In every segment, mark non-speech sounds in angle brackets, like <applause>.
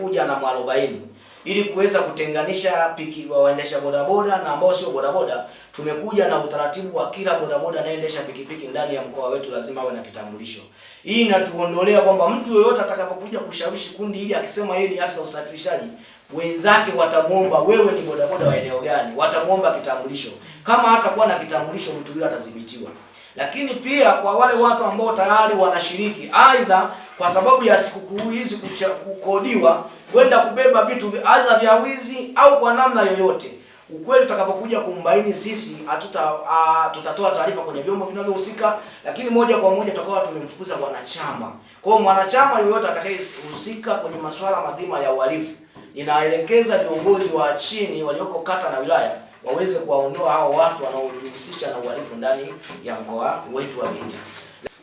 kuja na mwarobaini ili kuweza kutenganisha piki waendesha bodaboda na ambao sio bodaboda. Tumekuja na utaratibu wa kila bodaboda anayeendesha pikipiki ndani ya mkoa wetu lazima awe na kitambulisho. Hii inatuondolea kwamba mtu yeyote atakapokuja kushawishi kundi ili akisema yeye ni hasa usafirishaji, wenzake watamwomba wewe ni bodaboda wa eneo gani, watamwomba kitambulisho. Kama hatakuwa na kitambulisho, mtu yule atadhibitiwa. Lakini pia kwa wale watu ambao tayari wanashiriki, aidha kwa sababu ya sikukuu hizi kukodiwa kwenda kubeba vitu aidha vya wizi au kwa namna yoyote, ukweli tutakapokuja kumbaini sisi hatuta tutatoa taarifa kwenye vyombo vinavyohusika, lakini moja kwa moja tutakuwa tumemfukuza wanachama Kwa hiyo mwanachama yoyote atakayehusika kwenye masuala madhima ya uhalifu, ninaelekeza viongozi wa chini walioko kata na wilaya waweze kuwaondoa hao watu wanaojihusisha na uhalifu ndani ya mkoa wetu wa Geita.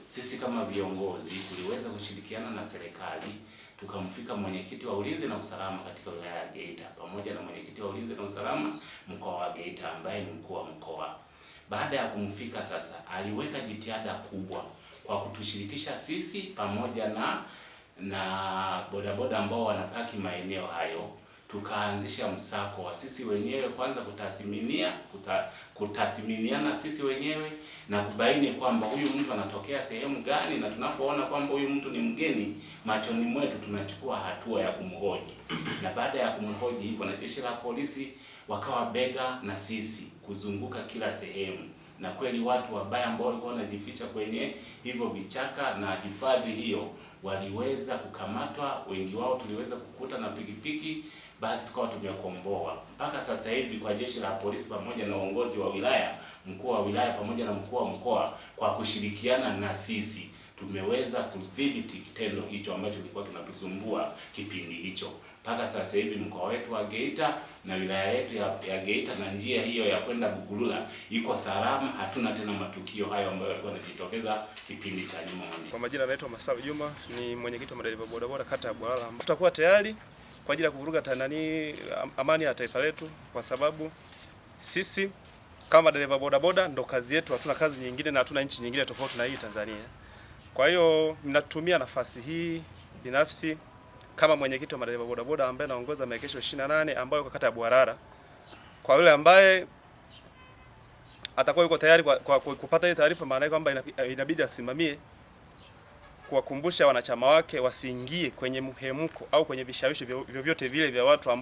Sisi kama viongozi tuliweza kushirikiana na serikali tukamfika mwenyekiti wa ulinzi na usalama katika wilaya ya Geita pamoja na mwenyekiti wa ulinzi na usalama mkoa wa Geita ambaye ni mkuu wa mkoa. Baada ya kumfika sasa, aliweka jitihada kubwa kwa kutushirikisha sisi pamoja na na bodaboda ambao wanapaki maeneo hayo tukaanzisha msako wa sisi wenyewe kwanza kutathiminia kuta, kutathiminiana sisi wenyewe na kubaini kwamba huyu mtu anatokea sehemu gani, na tunapoona kwamba huyu mtu ni mgeni machoni mwetu tunachukua hatua ya kumhoji, <clears throat> na baada ya kumhoji hivyo na jeshi la polisi wakawa bega na sisi kuzunguka kila sehemu na kweli watu wabaya ambao walikuwa wanajificha kwenye hivyo vichaka na hifadhi hiyo waliweza kukamatwa, wengi wao tuliweza kukuta na pikipiki, basi tukawa tumekomboa. Mpaka sasa hivi kwa jeshi la polisi pamoja na uongozi wa wilaya, mkuu wa wilaya pamoja na mkuu wa mkoa, kwa kushirikiana na sisi tumeweza kudhibiti kitendo hicho ambacho kilikuwa kinatusumbua kipindi hicho mpaka sasa hivi mkoa wetu wa Geita na wilaya yetu ya, ya Geita na njia hiyo ya kwenda Bugurula iko salama. Hatuna tena matukio hayo ambayo yalikuwa yanajitokeza kipindi cha nyuma. Kwa majina anaitwa Masawi Juma, ni mwenyekiti wa madereva bodaboda kata ya Bwalala. Tutakuwa tayari kwa ajili ya kuvuruga tanani amani ya taifa letu, kwa sababu sisi kama dereva bodaboda ndo kazi yetu, hatuna kazi nyingine na hatuna nchi nyingine tofauti na hii Tanzania. Kwa hiyo ninatumia nafasi hii binafsi kama mwenyekiti wa madereva bodaboda ambaye anaongoza maegesho 28 ambayo kwa kata ya Buharara. Kwa yule ambaye atakuwa yuko tayari kwa, kwa, kwa kupata hiyo taarifa, maana yake kwamba inabidi asimamie kuwakumbusha wanachama wake wasiingie kwenye mhemko au kwenye vishawishi vyovyote vile vya watu